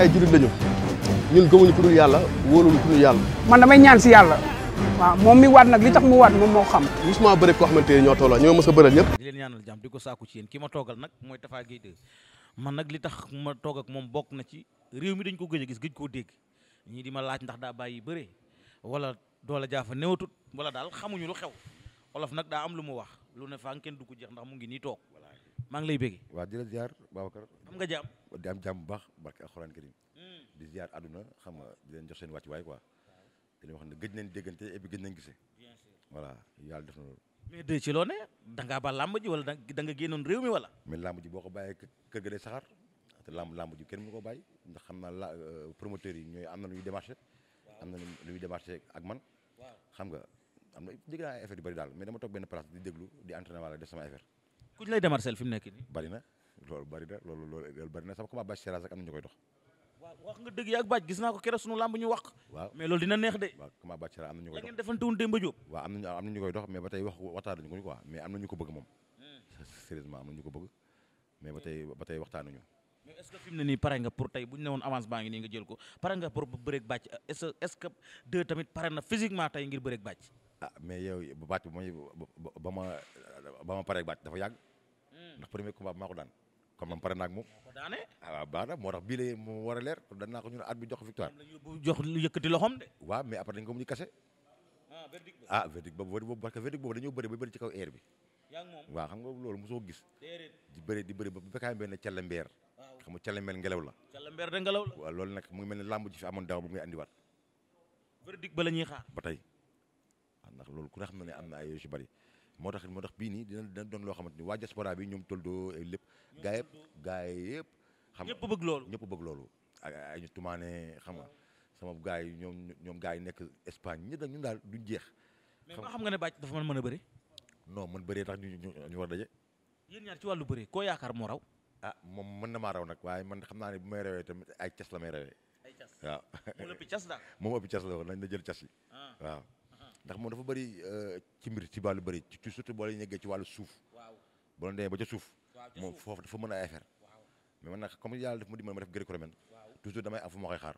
ay jullit lañu ñun gëmuñu ku dul yàlla wóoluñu ku dul yàlla. man damay ñaan si yàlla. waaw moom mi waat nag li tax mu waat moom moo xam. musuma bëri koo xamante ne ñoo tolloo ñoo mës a bëral ñëpp. di leen ñaanal jàmm ko saaku ci ki ma toogal nag mooy Tapha Gueye man nag li tax ma toog ak moom bokk na ci réew mi dañ ko gëj a gis gëj koo dégg ñii di ma laaj ndax daa bàyyi bëre walla doole jaafa néewatut wala daal xamuñu lu xew olof nag daa am lu mu wax lu ne faa kenn du ko jeex ndax mu ngi nii toog maa ngi lay bëgg. waa di la ziar am nga jàmm di am jàmm bu baax barke alxuraan karim hmm. di ziar àdduna xam nga di leen jox seen wàccuwaay quoi. di leen wax ne gëj déggante et puis nañ gisee. bien sûr voilà yàlla def na loolu. loo ne da ngaa ba làmb ji wala da nga génnoon réew mi wala. mais làmb ji boo ko bàyyee kër ga day saxaar te làmb làmb ji kenn mu ko bàyyi ndax xam naa la euh, promoteurs yi ñooy am na lu ñuy démarché. am na lu ñuy démarché ak man. xam nga am na dégg affaire yu bëri daal mais dama toog benn place di déglu di entraîné wala def sama affaire ku ñu lay démarcher fi mu nekk nii. bari na loolu bari na loolu loolu bari na sama am na ñu koy dox. waaw wax nga dëgg ak Bathie gis naa ko keroog sunu làmb ñu wax. mais loolu dina neex de. waaw combat Bathie am na ñu koy dox mais ba tey wax hmm. ñu ko bëgg mais ba tey ba tey mais est ce ne nii pare nga pour tey bu ñu ne woon avance baa ngi nii nga jël ko pare nga pour bëreeg Bathie est ce est tamit pare na physiquement tey ngir bëreeg Bathie ah mais yow baat bi mooy ba ma ba ma paree baat dafa yàgg. Hmm. ndax premier combat bi maa ko daan. comme man pare naa ak moom. maa ah, moo tax bii la mu war a leer kon danaa ko ñu ne at bi jox ko jox yëkkati loxoom de. waaw mais après dañ ko mujj kase. ah verdict boobu ah verdict dañoo bëri ba bëri ci kaw air bi. yaa ngi moom waaw xam nga loolu gis. bëri di bëri ba bu fekkee benn calambeer. waaw xam nga calambeer ngelaw la. calambeer de ngelaw la. waaw nag mu ngi mel ne làmb ji fi amoon daaw bu ngay andiwaat. verdict ba tey ndax loolu ku ne xam na ne am na ay yooyu ci bari moo tax moo tax bii nii dina dina doon loo xamante ni waa diaspora bi ñoom toldoo ay lépp gaa yëpp gaa yëpp xam nga sama gaa yi ñoom ñoom gaa yi nekk Espagne ñi da jeex mais nga xam ne bàcc dafa mën mën a bëri no man bëree tax ñu ñu war daje yéen ñaar ci wàllu bëri koo yaakaar moo raw ah moom mën na maa raw nag waaye man xam naa ne bu may rawee tamit ay cas la may rawee ay cas waaw moom ëpp cas la la woon nañ na jël cas yi ah. ndax moom dafa bari euh, ci mbir ci wàllu bëri ci surtout boo leen ci wàllu suuf boo leen demee ba ca suuf moom foofu dafa mën a affaire mais man nag comme yàlla daf ma dimbali ma def gréco-romaine toujours damay ma koy xaar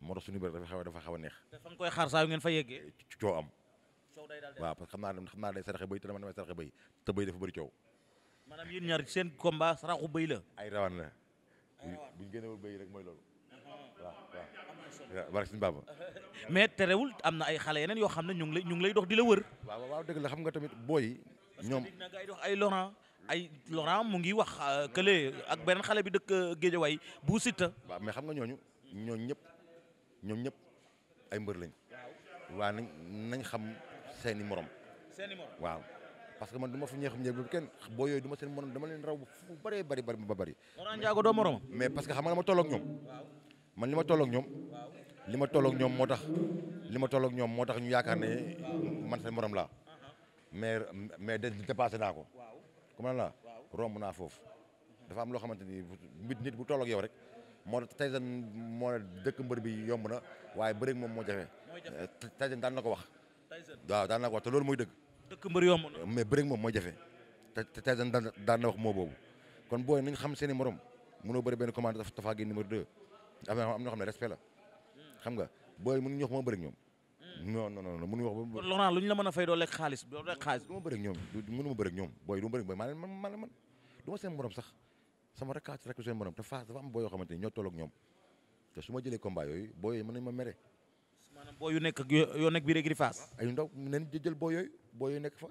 moo tax suñu dafa xaw a dafa a neex te fa koy xaar saa yu ngeen fa yeggee eh, coow am coow day daal waaw parce que xam naa ne xam naa day bëy te dama damay saraxe bëy te bëy dafa bëri coow maanaam yéen ñaar seen combat saraxu bëy la ay rawan la buñ rek mooy loolu waaw suñu baaba mais terewul am na ay xale yeneen yoo xam ne ñu ngi lay ñu ngi lay dox di la wër. waaw waaw dëgg la xam nga tamit booy. ñoom parce ay Laurent ay Laurent mu ngi wax euh, kële ak beneen xale bi dëkk euh, Géejawaay bu Siteu. waaw mais xam nga ñooñu ñooñ ñëpp ñoom ñëpp ay mbër lañ. waaw nañ nañ xam seeni morom. seeni morom waaw. parce que man du ma fi ñeexum ñeexum kenn boo yooyu du ma seen morom dama leen raw fu bëree bëri bëri ba bëri. Laurent Ndiago doo morom. mais parce que xam nga ma toll ñoom. man li ma tolloog ñoom li ma tolloog ñoom moo tax li ma tolloog ñoom moo tax ñu yaakaar ne man seen morom laa mais mais dépassé naa ko comme lan la romb naa foofu dafa am loo xamante ni nit nit bu tolloog yow rek moo tax Tyson moo ne mbër bi yomb na waaye bëri moom moo jafe eh, Tyson daan na ko wax waaw daan na ko wax te loolu mooy dëgg dëkk mbër yomb na mais bëri moom mooy jafe te Tyson daan na wax moo boobu kon nu nañ xam seen i morom mënoo bëri benn commande dafa génn numéro 2 am na am na xam ne respect la xam nga booy mënuñu wax ma bëri ñoom. non non non mënuñu wax ba. kon Laurent lu ñu la mën a fay doo lekk xaalis doo lekk xaalis. du ma bëri ñoom du mënu ma bëri ñoom booy du ma bëri sama rakkaat rek seen morom te Fass yoo xamante ni ñoo toll ak ñoom su ma jëlee combat yooyu booy yooyu mën ma mere. maanaam yu nekk ak yoo nekk biir écurie Fass. ay ndaw nañ jël booy yooyu booy yooyu nekk fa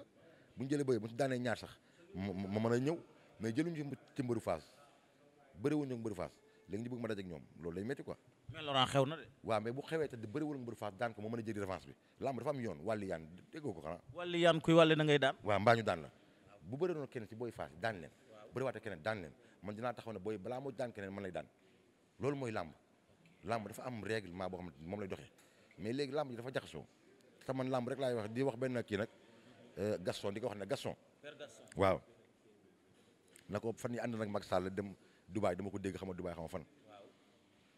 bu jëlee booy bu ñu daanee ñaar sax ma mën a ñëw mais jëluñu ci mbëru Fass bëriwuñu ak mbëru Fass léegi ñu bëgg ma dajeeg ñoom loolu lay métti quoi mais mais bu xewee te bëri wala mbër faas daan ko moo mën a jëri revanche bi lamb dafa am yoon wàlli yaan déggoo ko xanaa wàlli yaan kuy wàlli na leen bëri waate keneen daan leen man dinaa taxaw ne booy balaa moo loolu mooy lamb lamb dafa am règlement boo xam moom lay doxee mais léegi lamb ji dafa jaxasoo te man lamb rek laay wax di wax benn kii nag euh, Gaston di ko wax ne Gaston waaw na ko fan yi ànd nag Macky Sall dem Dubaay dama ko dégg xam nga Dubaay xam nga fan.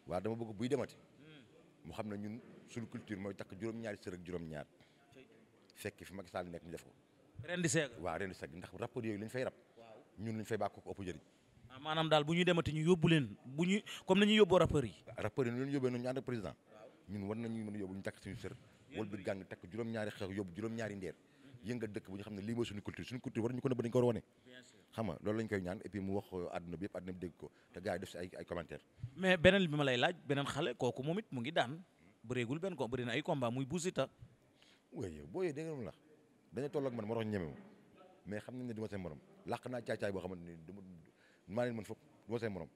waaw dama bëgg buy demati. Hmm. mu xam ne ñun suñu culture mooy takk juróom-ñaari sër ak juróom-ñaar. fekk fi Macky Sall nekk ñu def ko. ren di seeg. waaw ren di seeg ndax rapport yooyu lañ fay rap. ñun lañ fay bàq ko ëpp jëriñ. Ah, maanaam daal bu ñu demati ñu yóbbu leen bu ñu comme ni ñuy yóbboo rappeurs yi. rappeurs yi leen yóbbee noonu ñu ànd ak président. ñun war nañu mën a yóbbu ñu takk suñu sër. wala bi gàng takk juróom-ñaari xeex yóbbu yëngal dëkk bu ñu xam ne lii mooy suñu culture suñu culture war ñu ko nëbb dañu ko war wane xam loolu lañ koy ñaan et puis mu wax àdduna bi yëpp dégg ko te gars yi def si ay ay commentaire mais beneen bi ma lay laaj xale kooku moom it mu ngi daan bëreegul benn ko bëri na ay combat muy busita boo yee dégg nga mu lax ak man ma rox ñemewu mais xam nañ ne du naa caay-caay boo xamante ni duma maa leen mën fopp du ma seen morom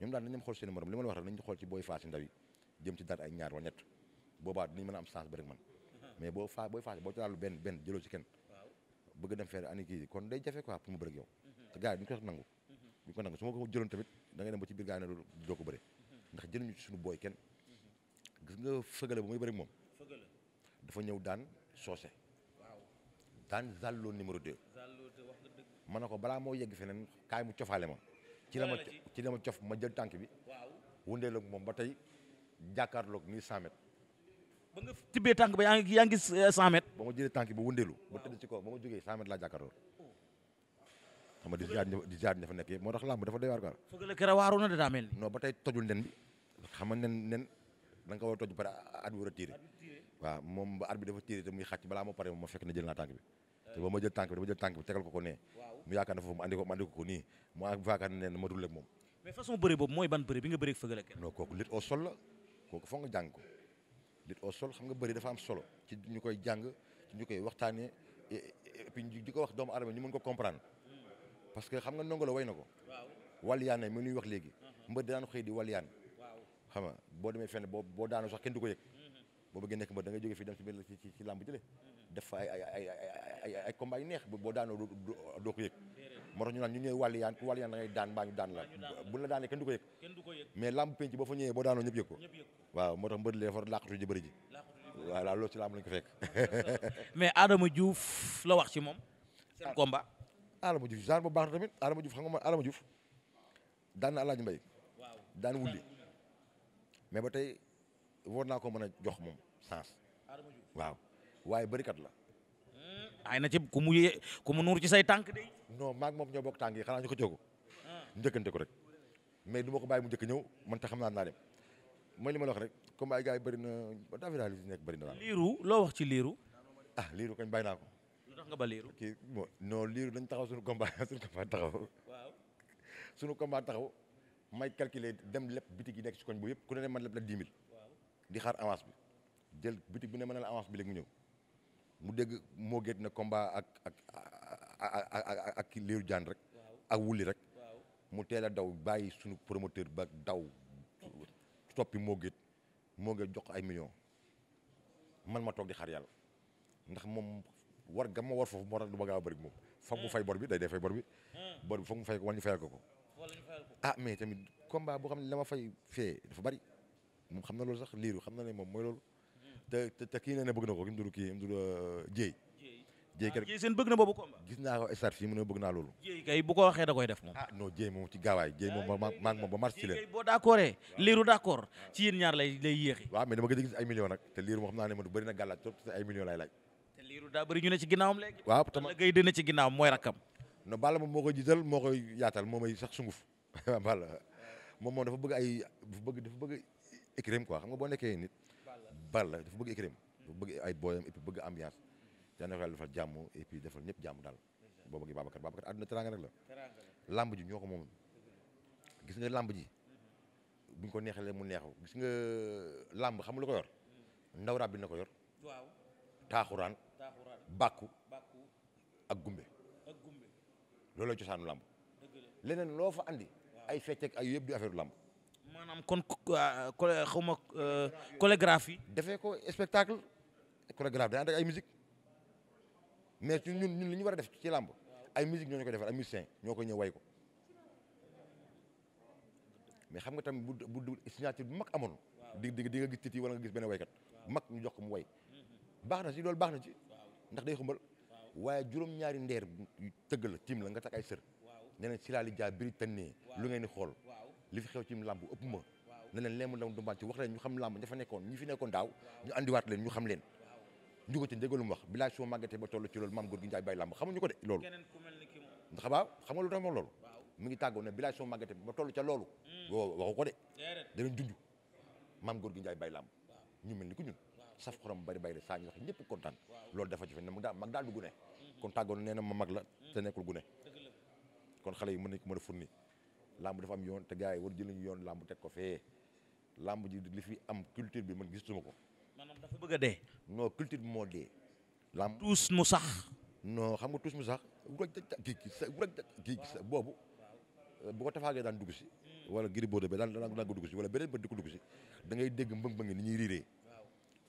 ñoom daal nañu xool seen li ma la wax rek nañu xool ci booy faas ndaw yi jëm ci daal ay ñaar wala ñett boobaa dinañ mën a am chance ba rek man mais boo faa booy faase boo ci benn benn jëloo ci kenn bëgg dem fee ani kon day jafe quoi pour mu bëreeg yow mhm. te gars yi duñ ko nangu mhm. duñ ko nangu su ma ko jëloon tamit da ngay dem ba ci biir gars yi ne doo ko bëre mhm. ndax jëluñu ci suñu booy kenn gis nga fëgale bu muy bëreeg moom dafa ñëw daan soose daan zàlloo numéro 2 ma ne ko balaa moo yegg feneen kaay mu cofaale ma ci la ma ci la ma cof ma jël tànk bi wundeeloog moom ba tey jàkkaar nii 100 ba nga tibbee tànk ba yaa ngi yaa ngi gis 100 eh, mètres. ba ma jëlee tànk da wëndeelu. ci kaw ba ma jógee 100 laa jàkkaarloo. xam nga di jaar nekk yëpp moo la kera waaru na daa mel ni. non ba tey tojul nen bi xam nen nen da nga a toj ba pare at bi war a tiire. waaw moom ba ma fekk na ko ko nee. mu yaakaar ne mu andi ko mu nii mu yaakaar ne nen matul ak moom. mais façon bëre boobu mooy ban bëre bi nga bëre ak fëgal ak. kooku lit au ko lutte au sol xam nga bëri dafa am solo ci ñu koy jàng ci ñu koy waxtaanee et puis di ko wax doomu aadama ñu mën ko comprendre parce que xam nga Ndongo Lo way na ko. waaw walyaane mi ñuy wax léegi. mbër daan xëy di walyaan. waaw xam nga boo demee fenn boo boo daanu sax kenn du ko yëg. boo bëggee nekk mbër da nga jógee fii dem ci biir ci ci làmb jële def fa ay ay ay ay ay ay combat yu neex boo daanoo doo ko yëg. moo tax ñu naan ñu ñooy wàllu yaan ku wàllu yaan da ngay daan mbaa daan la bu la daanee kenn du ko yëg mais làmb penc boo fa ñëwee boo daanoo ñëpp yëg ko waaw moo tax mbër lee far làqatu ji bëri ji voilà loolu ci làmb lañ ko fekk mais Adama Diouf la wax ci moom seen combat Adama Diouf genre bu baax tamit Adama Diouf xam nga man Adama Diouf daan na Mbay daan wulli mais ba tey war naa ko mën a jox moom sens waaw waaye bërikat la ay na ci ku mu yee ku nuur ci say tànk de. non maag moom ñoo bokk tànk yi xanaa ñu ko jógu njëkkante ko rek mais du ma ko bàyyi mu njëkk ñëw man xam naa naa dem ma la rek comme ay gars na dafa daal di nekk bëri na daal. liiru loo wax ci liiru. ah liiru kañ bàyyi naa ko. lu tax ba liiru. kii bon non liiru dañ taxaw suñu combat suñu taxaw. waaw suñu combat taxaw may calculer dem lépp bitig yi nekk ci koñ bu yëpp ku ne man lépp la 10 di xaar avance bi jël bitig bu ne ma ne la avance bi léegi mu ñëw. mu dégg moo na komba ak ak ak ak liiru jaan rek. ak wuli rek. mu teel a daw bàyyi sunu promoteur ba daw. toppi moo géet moo géet jox ay millions man ma toog di xaar yàlla ndax moom war ga ma war foofu moo tax du ma gaaw a bëri moom. foog mu hmm. fay bor bi day day fay bor bi. Hmm. bor bi foog mu fay ko wala ñu fayal ko ah mais tamit combat boo xam ne la ma fay fee dafa bari moom xam na loolu sax liiru xam na ne moom mooy loolu. te te kii nee na bëgg na ko ki mu tudd kii mu tudd uh, Dieye. Dieye ah, kay seen bëgg na boobu combat. gis naa ko stade fii mu ne bëgg naa loolu. Dieye bu ko waxee da koy def moom. ah non Dieye moom ci gaawaay Dieye moom ma ma moom ba mars ci leen. Dieye boo d'accord liiru d'accord ci yéen ñaar lay lay yéexi. waaw mais dama gëj a gis ay millions nag te liiru moo naa ne man bëri na gàllaaj trop te ay millions lay laaj. te liiru daa bëri ñu ne ci ginnaawam léegi. waaw tamit ngay dina moom moo koy jiital moo koy yaatal moom may sax sunguf Balla moom moom dafa bëgg ay dafa bëgg dafa bëgg écrim quoi xam nga boo nekkee nit bari la dafa bëgg écrim dafa bëgg ay booyam et bëgg ambiance yal na ko yàlla defal jàmm et defal ñëpp jàmm daal boo bëggee Babacar Babacar àdduna teranga rek la lamb ji ñoo ko moom gis nga làmb ji buñ ko neexalee mu neexu gis nga euh, làmb xam lu ko yor ndaw rab bi na ko yor waaw taaxuraan bàkku ak gumbe looloo cosaanu lamb leneen loo fa andi ay fecc ak ay yëpp di affaire lamb am kon euh, euh, xaw ma euh, chorégraphie. defee ko spectacle chorégraphe day ànd ak ay musique mais ñun ñun li ñu war a def ci làmb ay musique ñoo ñu ko defal ay musiciens ñoo ko ñëw way ko mais xam nga tamit bu bu bu signature bu mag amoon. di di nga gis titi wala nga gis benn waykat mag ñu jox ko mu way baax na ci loolu baax na ci ndax day xumbal waaye juróom-ñaari ndeer tëgg la tiim la nga takk ay sër nee si laali jaa biri tënnee lu ngeen xool. li fi xew ci làmb ëpp ma ne leen leemu lam dumbaan ci wax leen ñu xam làmb dafa nekkoon ñi fi nekkoon daaw ñu andiwaat leen ñu xam leen njugo ci ndégalum wax bilaay suma màggatee ba toll ci loolu maam góor gi njaay bàyyi làmb xamuñu ko de xam nga lu tax ma loolu mi ngi tàggoo ne bilaay suma màggatee ba toll ca loolu mm. waxu ko de danañ junj maam góor gi njaay bay làmb ñu mel ni ku ñun saf xorom bari bari saa ñu wax ñëpp kontaan loolu dafa ci fe ne mag mag daal du gune mm-hmm. kon tàggoo nee na ma mag la te mm. nekkul gune kon xale yi mën nañ ko mën a furni làmb dafa am yoon te gaa yi war jël ñu yoon làmb teg ko fee làmb ji li fi am culture bi man gis suma ko. maanaam dafa bëgg a moo dee. làmb tuus mu sax. non xam nga tuus mu sax wuraj kii kii sa kii kii sa boobu euh, bu ko tafaagee daan dugg si. Hmm. wala giri Bordeaux ba daan daan ko dugg si wala beneen ba di ko dugg si da ngay dégg mbëng-mbëng ni ñuy riiree.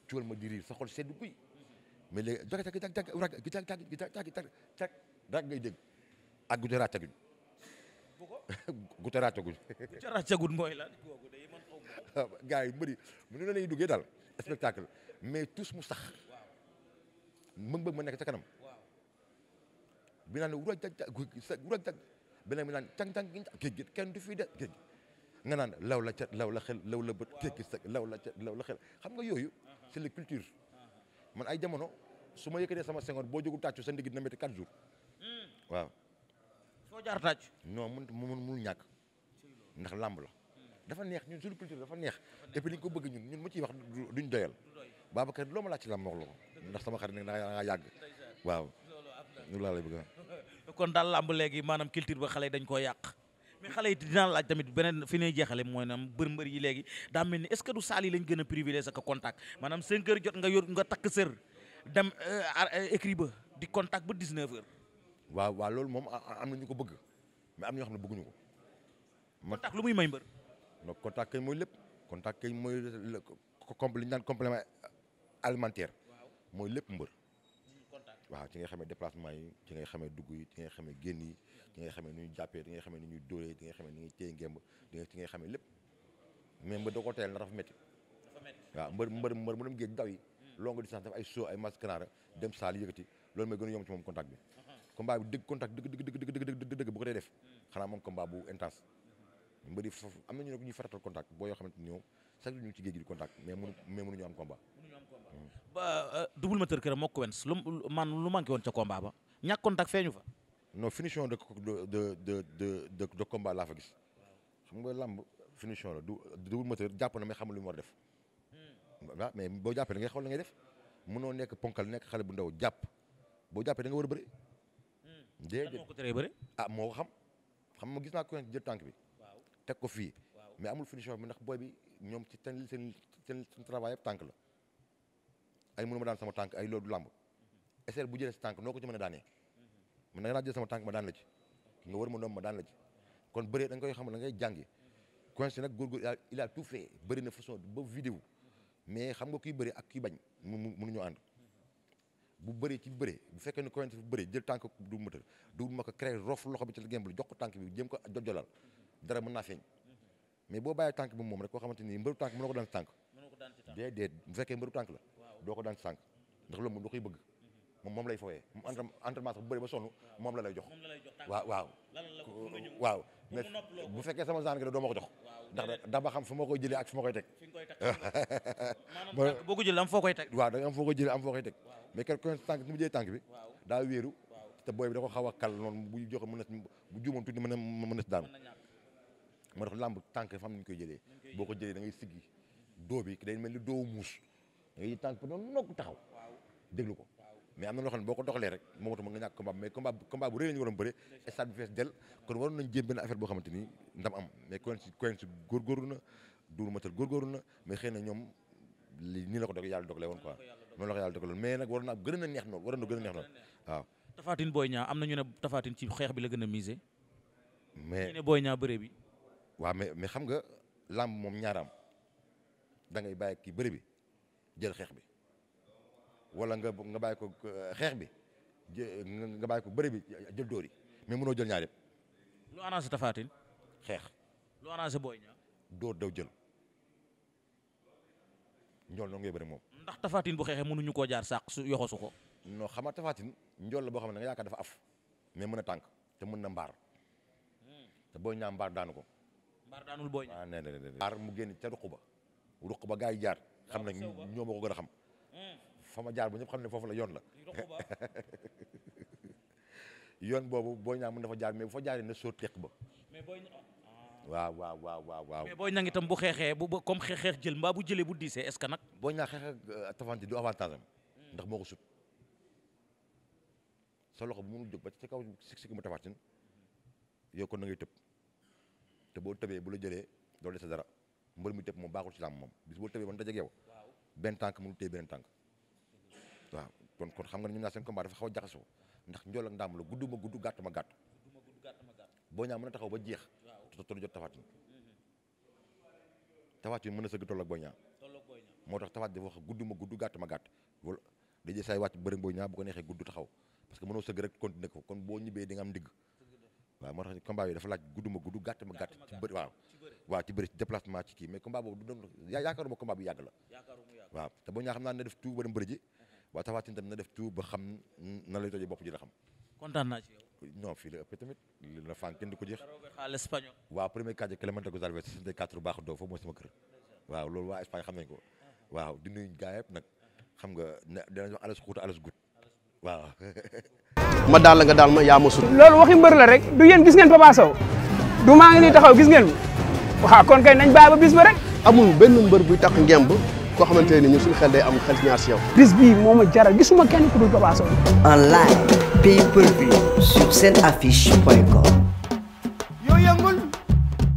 cuwal ma di riir sa xol sedd guy. mais léegi jag jag jag jag jag jag jag jag jag jag jag jag jag jag jag gu taraatagul. gu taraatagul mooy lan kooku day man xaw ma. yi bëri mënu na la ñuy duggee daal spectacle mais tous mu sax. mën bëgg ma nekk ca kanam. bi naan wura jag jag wura jag beneen bi naan càng càng kenn du fi de géej gi nga naan law la ca law la xel law la bët géej gi law la law la xel xam nga yooyu uh-huh. c'est la culture uh-huh. man ay jamono su ma yëkkatee sama sengoor boo jógul tàccu sa ndigg dina métti 4 jours hmm. waaw soo jaar tàcc. non mun mun mun ñàkk ndax làmb la. dafa neex ñun suñu culture dafa neex et puis li ñu ko bëgg ñun ñun mu ciy wax duñ doyal Babacar loo ma laaj ci làmb wax la ndax sama xarit nag da ngaa yàgg waaw. loolu laa lay bëgg kon daal lamb léegi maanaam culture ba xale dañ koo yàq xale yi dinaa laaj tamit beneen fi ñuy jeexale mooy naam bër mbër yi léegi daa mel ni est-ce que du saal yi lañ gën a privilégié sa contact maanaam 5 heures jot nga yor nga takk sër dem euh, euh, écrit ba di contact ba 19 heures waaw waaw loolu moom am na ñu ko bëgg mais am na ñoo xam ne bëgguñu ko. contact lu muy may mbër. no contact kay mooy lépp contact kay mooy le li ñu naan complément alimentaire. mooy lépp mbër. Mm, waaw ci nga xamee déplacement yi ci ngay xamee dugg yi ci ngay xamee génn yi ci ngay xamee nu ñuy jàppee ci ngay xamee nu ñuy dóoree ci ngay xamee nu ñuy téye ngemb ci ngay xamee lépp mais mbër da ko teel na dafa métti. mbër mbër mbër mu dem géej daw yi. Mm. longue distance def ay saut ay mascarade dem saal yëkkati loolu mooy gën a yomb ci moom contact bi combat bi dëgg contact dëgg dëgg ko dee def xanaa moom combat bu intense mbëri foofu am na ñu ne contact boo yoo xamante ni ñoom chaque jour ñu ngi ci géej gi di contact mais mënu mais mënuñu am combat. mënuñu am combat ba euh, double moteur kër moo ko wens lu man lu manqué woon ca combat ba ñàkk contact feeñu fa. non finition de de la du double moteur jàpp na mais xamul lu mu war def. Hmm. waaw mais boo jàppee da ngay xool la ngay def mënoo nekk ponkal nekk xale bu ndaw jàpp boo jàppee da nga war a déedéet lan moo ko teree ah, moo xam xam ma gis naa ko ne jël tànk bi. waaw teg ko fii. mais amul finition bi ndax booy bi ñoom ci seen seen seen seen travail tànk la ay mënu ma daan sama tànk ay loolu du làmb. Mhm. bu jëlee si tànk noo ko ci mën a daanee. Mhm. man da nga jël sama tànk ma daan la ci. nga wër ma ndoom ma daan la ci. kon bëree da koy xam da ngay jàngi. Mhm. coince nag góorgóor il a tout fait bëri na façon ba vidéo mais xam nga kuy bëri ak kii bañ mu mu mënuñoo ànd. bu bëree ci bëre bu fekkee ne koyante fu bëree jël tànk du moteur du ma ko créé rof loxo bi ci gémb lu jox ko tànk bi jéem ko jojolal dara mën naa feeñ mais boo bàyyee tànk bi moom rek koo xamante ni mbëru tànk mënoo ko daan ci tànk déedéet bu fekkee mbëru tànk la doo ko daan ci tànk ndax loolu moom da koy bëgg mhm. moom moom lay fawee moom entraînement sax bu bëree ba sonn moom la lay jox waaw waaw waaw mais bu fekkee sama genre nga doo ma ko jox. ndax daba xam fu ma koy jëlee ak fu ma koy teg. fi nga koy teg maanaam boo ko jëlee am foo koy teg. waaw da am foo koy jëlee am foo koy teg. mais quelque tànk ni mu jëlee tànk bi. daa wéeru. te booy bi da ko xaw a kal noonu bu joxe mën na bu juumoon tuuti mën na mën na daanu. moo tax tànk fam ni ñu koy jëlee. boo ko jëlee da ngay siggi doo bi day mel ni doo muus. da ngay tànk ba noonu nokk taxaw. déglu ko mais am na loo xam ne boo ko doxalee rek moomatu ma nga ñàkk combat mais combat combat bu rëy la ñu waroon bëre stade bi am mais Quench na Double xëy na ñoom li nii la ko dog yàlla dogalee woon quoi noonu yàlla dogaloon mais nag waroon na a neex noonu waroon a neex noonu waaw Tafatine am na ñu ne Tafatine xeex bi la gën a miser mais ne Boy Niang bëre bi waaw mais mais xam nga lamb moom ñaaraam da ngay bàyyi kii bëre bi jël xeex bi wala euh, nga nga bàyyi ko xeex bi nga bàyyi ko bëri bi jël dóor yi mais mënoo jël ñaar yëpp. lu arrangé Tapha xeex. lu booy Boy door dóor daw jël. njool noonu ngay bëri moom. ndax Tapha Tine bu xeexee mënuñu koo jaar sàq su yoxosu ko. non xam nga Tapha njool la boo xam ne da nga yaakaar dafa af mais mën a tànk te mën na mbaar hmm. te Boy Niang mbaar daanu ko. mbaar daanul ne Niang ah nee na mbaar mu génn ca ruq ba ruq ba gaa yi jaar. xam nañ ñoo ma ko gën a xam. fa ma jaar ba ñëpp xam ne foofu la yoon la yoon boobu boo ñaa mën dafa jaar mais bu fa jaaree na sóor teq ba. Ah. waaw waaw waaw waaw waaw. mais booy ñaa ngi itam bu xeexee bu comme xeex xeex jël mbaa bu jëlee bu diisee est ce que nag. booy ñaa xeex ak avantage euh, du avantage am. Hmm. ndax moo ko sut sa loxo bu mënul jóg ba ci kaw si ki mu tafaatin yow kon na ngay tëb te boo tëbee bu la jëlee doo sa dara mbër mi tëb moom baaxul ci làmb moom bis boo tëbee ba mu dajeeg yow benn tànk mënul waaw kon kon xam nga ñoom ñaar seen combat dafa xaw a jaxasoo ndax njool ak la gudd ma gudd gàtt ma gàtt boo ñaa mën a taxaw ba jeex tol jot tafaatin tafaatin mën a tax tafaat dafa wax gudd ma gudd ma gàtt wala dajee saay wàcc bëri boo ñaa ko ko boo ñibbee di nga am waaw dafa laaj gudd ma gudd gàtt ma gàtt ci bëri waaw waaw ci bëri ci ci kii mais combat boobu du doon bi yàgg la waaw te boo ñaa naa ne def tout ba dem waa Tapha Tine tamit na def tout ba xam na lay tojee bopp ji la xam. kontaan naa ci yow. fii la ëppee tamit li la kenn di ko jeex. xaaral espagnol. waaw premier cas de Clemente Gonzalez de quatre baax doo foofu mooy sama kër. waaw lool waa Espagne xam nañ ko. waaw di nuyu gaa yëpp nag xam nga ne dinañ wax alas gut ma daal la nga daal ma yaa ma sut. loolu waxi mbër la rek du yéen gis ngeen Papa du maa ngi taxaw gis ngeen waaw kon kay nañ bàyyi ba bis ba rek. amul benn mbër buy tax ngemb koo xamante ne ñun suñu xel day am xel ñaar si yow. bis bii moo ma jaral gisuma kenn ku dul Papa Sow. en live pay per view sur seen affiche point com.